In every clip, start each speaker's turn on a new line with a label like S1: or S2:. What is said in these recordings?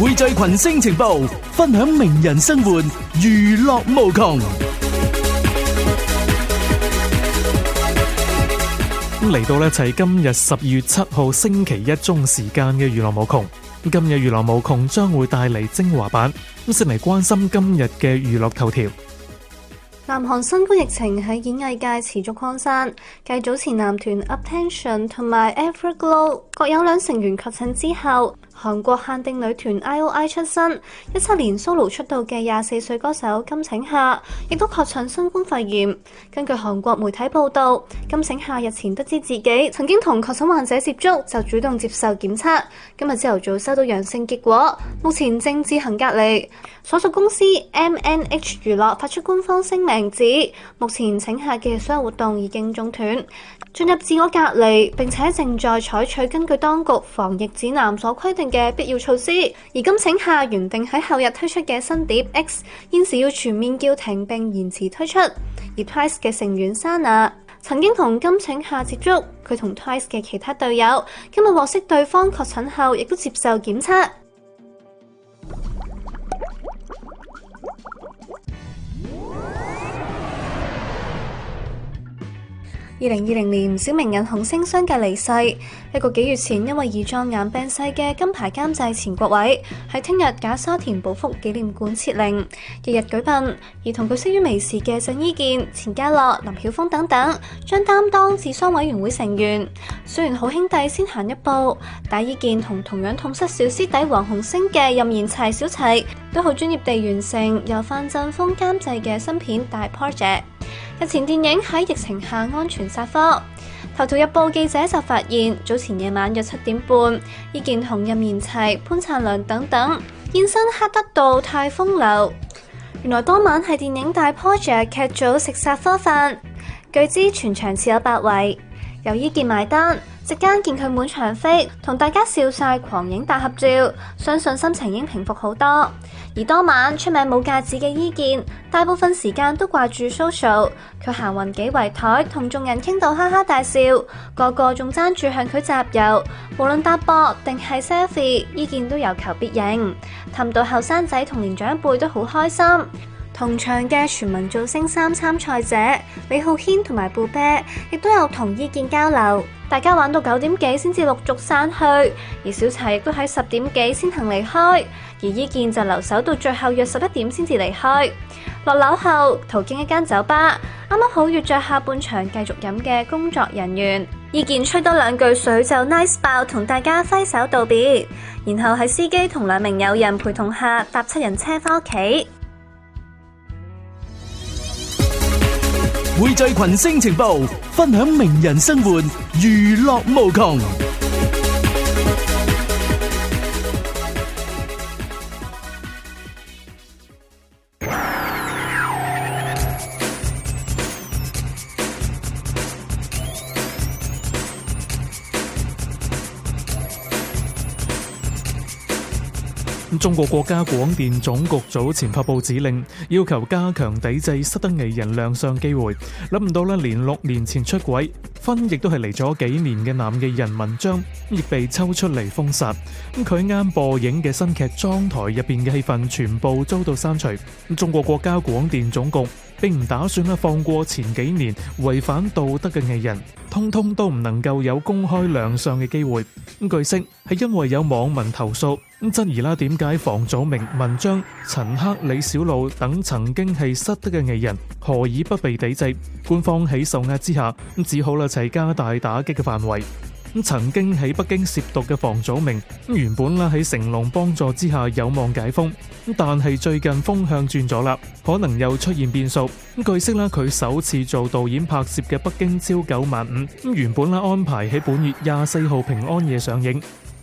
S1: 匯聚群星情報，分享名人生活，娛樂無窮。咁嚟 到呢，就係今日十二月七號星期一中時間嘅娛樂無窮。今日娛樂無窮將會帶嚟精華版，咁先嚟關心今日嘅娛樂頭條。
S2: 南韓新冠疫情喺演藝界持續擴散，繼早前男團 Attention 同埋 Everglow 各有兩成員確診之後。韓國限定女團 I.O.I 出身，一七年 Solo 出道嘅廿四歲歌手金請夏亦都確診新冠肺炎。根據韓國媒體報道，金請夏日前得知自己曾經同確診患者接觸，就主動接受檢測。今日朝頭早收到陽性結果，目前正自行隔離。所屬公司 MNH 娛樂發出官方聲明指，目前請夏嘅所有活動已經中斷。進入自我隔離，並且正在採取根據當局防疫指南所規定嘅必要措施。而金請夏原定喺後日推出嘅新碟 X 現時要全面叫停並延遲推出。而 Twice 嘅成員 Sana 曾經同金請夏接觸，佢同 Twice 嘅其他隊友今日獲悉對方確診後，亦都接受檢測。二零二零年唔少名人紅星相繼離世，一個幾月前因為胰臟癌病逝嘅金牌監製錢國偉，喺聽日假沙田寶福紀念館設靈，日日舉殯；而同佢識於微時嘅鄭伊健、錢嘉樂、林曉峰等等，將擔當治喪委員會成員。雖然好兄弟先行一步，但伊健同同樣痛失小師弟黃鴻升嘅任賢齊小齊，都好專業地完成由范振峰監製嘅新片大《大 project》。日前電影喺疫情下安全殺科，頭條日報記者就發現，早前夜晚約七點半，葉劍雄、任賢齊、潘燦良等等現身黑德道泰豐樓。原來當晚係電影大劇《大 project》劇組食殺科飯，據知全場設有八位。由伊健埋單，席間見佢滿場飛，同大家笑晒狂影大合照，相信心情已經平復好多。而當晚出名冇架子嘅伊健，大部分時間都掛住蘇蘇，佢行勻幾圍台，同眾人傾到哈哈大笑，個個仲爭住向佢集郵，無論搭膊定係 selfie，伊健都有求必應，氹到後生仔同年長輩都好開心。同場嘅全民造星三參賽者李浩軒同埋布啤，亦都有同伊健交流。大家玩到九點幾先至陸續散去，而小齊亦都喺十點幾先行離開，而伊健就留守到最後約十一點先至離開。落樓後途經一間酒吧，啱啱好約着下半場繼續飲嘅工作人員，伊健吹多兩句水就 nice 爆，同大家揮手道別，然後喺司機同兩名友人陪同下搭七人車翻屋企。
S1: 匯聚群星情報，分享名人生活，娛樂無窮。中國國家廣電總局早前發布指令，要求加強抵制失德藝人亮相機會。諗唔到啦，連六年前出軌、分亦都係嚟咗幾年嘅男藝人文章，亦被抽出嚟封殺。咁佢啱播映嘅新劇《裝台》入邊嘅戲份，全部遭到刪除。中國國家廣電總局并唔打算啦放過前幾年違反道德嘅藝人，通通都唔能夠有公開亮相嘅機會。咁據悉，係因為有網民投訴。咁質疑啦，點解房祖名文章、陳赫、李小璐等曾經係失德嘅藝人，何以不被抵制？官方喺受壓之下，咁只好啦齊加大打擊嘅範圍。咁曾經喺北京涉毒嘅房祖名，原本啦喺成龍幫助之下有望解封，但係最近風向轉咗啦，可能又出現變數。咁據悉啦，佢首次做導演拍攝嘅《北京朝九晚五》，原本啦安排喺本月廿四號平安夜上映。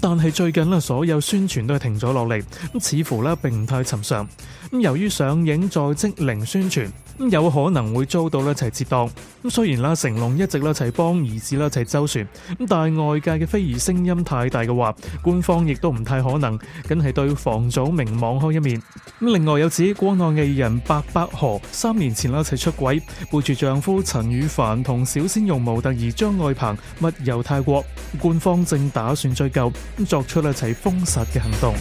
S1: 但係最近咧，所有宣傳都係停咗落嚟，咁似乎咧並唔太尋常。咁由於上映在即，零宣傳，咁有可能會遭到咧一齊截檔。咁雖然啦，成龍一直咧一齊幫兒子咧一齊周旋，咁但係外界嘅非議聲音太大嘅話，官方亦都唔太可能梗係對房祖名網開一面。咁另外有指，國內藝人白百何三年前咧一齊出軌，背住丈夫陳羽凡同小鮮肉模特兒張愛鵬蜜遊泰國，官方正打算追究。作出一齊封殺嘅行動。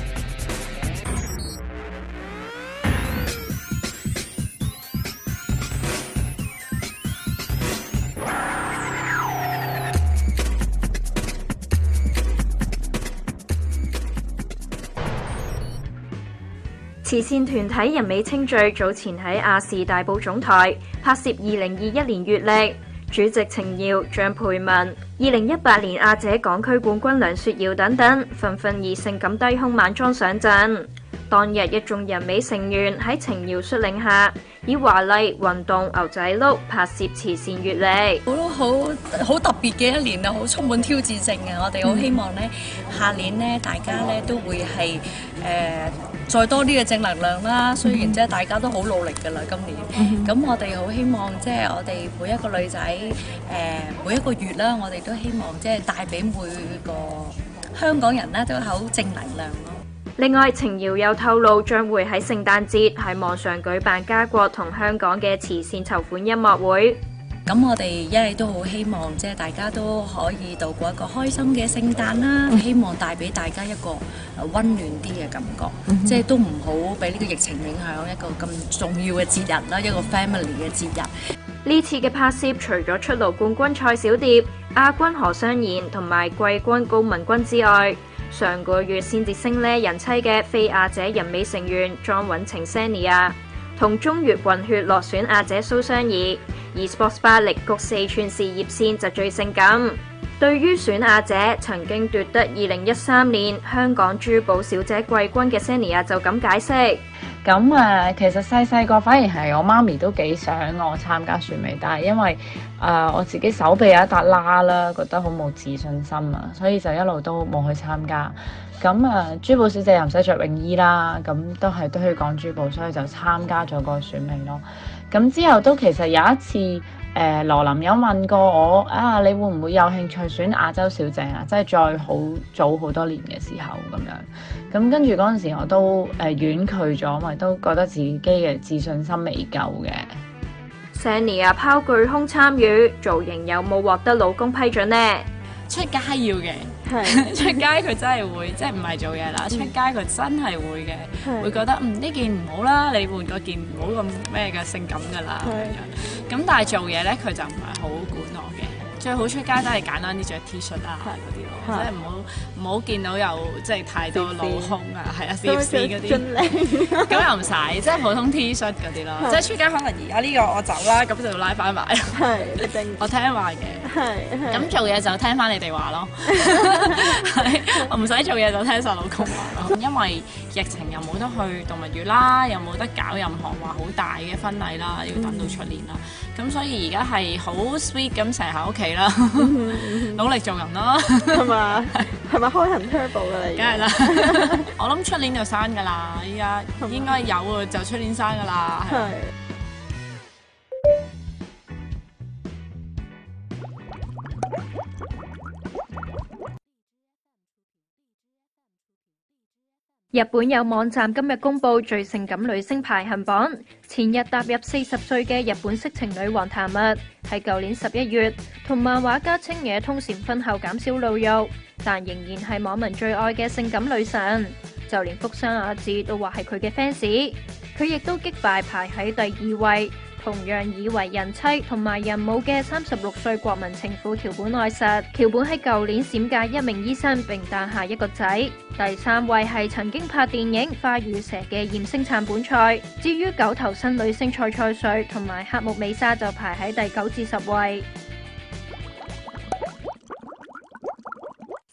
S3: 慈善團體人美清聚早前喺亞視大埔總台拍攝二零二一年月曆。主席程耀、張培文、二零一八年亞姐港區冠軍梁雪瑤等等，紛紛而性感低胸晚裝上陣。當日一眾人美成員喺程耀率領下，以華麗、運動、牛仔褸、拍攝慈善月曆。我都好好，好，好特別嘅一年啊，好充滿挑戰性啊！我哋好希望呢，下年呢，大家呢都會係誒。呃再多啲嘅正能量啦，雖然即係大家都好努力嘅啦，今年，咁、嗯、我哋好希望即係、就是、我哋每一個女仔，誒、呃、每一個月啦，我哋都希望即係、就是、帶俾每個香港人啦，都好正能量咯。另外，程瑤又透露將會喺聖誕節喺網上舉辦家國同香港嘅慈善籌款音樂會。咁、嗯、我哋一係都好希望，即係大家都可以度過一個開心嘅聖誕啦。希望帶俾大家一個溫暖啲嘅感覺，即係都唔好俾呢個疫情影響一個咁重要嘅節日啦，一個 family 嘅節日。呢次嘅拍攝，除咗出爐冠軍蔡小蝶、亞軍何湘燕同埋季軍高文君之外，上個月先至升呢人妻嘅非亞姐人美成員莊允晴 Sanya 啊，同中越混血落選亞姐蘇湘怡。而 Sports 巴力谷四寸事業線就最性感。對於選亞者，曾經奪得二零一三年香港珠寶小姐季軍嘅 Sunny 啊，就咁解釋：咁、呃、啊，其實細細個反而係我媽咪都幾想我參加選美，但係因為
S4: 啊、呃、我自己手臂有一笪拉啦，覺得好冇自信心啊，所以就一路都冇去參加。咁啊、呃，珠寶小姐又唔使着泳衣啦，咁都係都去講珠寶，所以就參加咗個選美咯。咁之後都其實有一次，誒、呃、羅琳有問過我啊，你會唔會有興趣選亞洲小姐啊？即係再好早好多年嘅時候咁樣。咁、嗯、跟住嗰陣時我都誒婉拒咗，咪、呃、都覺得自己嘅自信心未
S3: 夠嘅。Sanya 啊，拋巨胸參與造型，有冇獲得老公批准呢？
S4: 出街要嘅。 出街佢真係會，即係唔係做嘢啦。出街佢真係會嘅，
S2: 會覺得嗯，
S3: 呢件唔好啦，
S4: 你換個件唔好咁咩嘅性感噶啦咁樣咁，但係做嘢咧，佢就唔係好管我嘅。最好出街都係簡單啲着 T 恤啊嗰啲咯，即係唔好唔好見到有即係太多露胸啊，係啊，B B 嗰啲咁又唔使，即係普通 T 恤嗰啲咯。即係出街可能而家呢個我走啦，咁就要拉翻埋。係，我聽話嘅。係，
S2: 咁做嘢
S4: 就聽翻你哋話咯。係，我唔使做嘢就聽曬老公話咯。因為疫情又冇得去動物園啦，又冇得搞任何話好大嘅婚禮啦，要等到出年啦。咁所以而家係好 sweet 咁成日喺屋企。啦， 努力做人咯吧，係嘛？
S3: 係咪開行
S2: turbo 噶？梗係啦，
S4: 當然了笑我諗出年就生噶啦，依家應該有啊，就出年生噶啦，係。
S3: 日本有網站今日公布最性感女星排行榜，前日踏入四十歲嘅日本色情女王壇蜜，喺舊年十一月同漫畫家清野通禪婚後減少露肉，但仍然係網民最愛嘅性感女神，就連福山雅治都話係佢嘅 fans，佢亦都擊敗排喺第二位。同樣已為人妻同埋人母嘅三十六歲國民情婦橋本愛實，橋本喺舊年閃嫁一名醫生並誕下一個仔。第三位係曾經拍電影《花與蛇》嘅艷星杉本彩，至於九頭身女星菜菜緒同埋黑木美莎，就排喺第九至十位。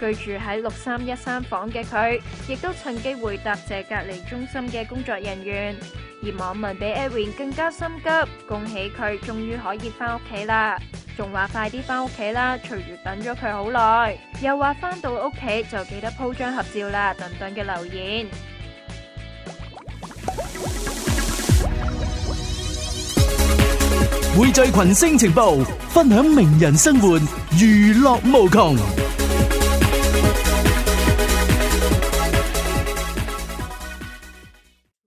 S3: 居住喺六三一三房嘅佢，亦都趁機回答謝隔離中心嘅工作人員。而網民比 Ariane 更加心急，恭喜佢終於可以翻屋企啦！仲話快啲翻屋企啦，隨月等咗佢好耐。又話翻到屋企就記得鋪張合照啦！等等嘅留言，
S1: 匯聚群星情報，分享名人生活，娛樂無窮。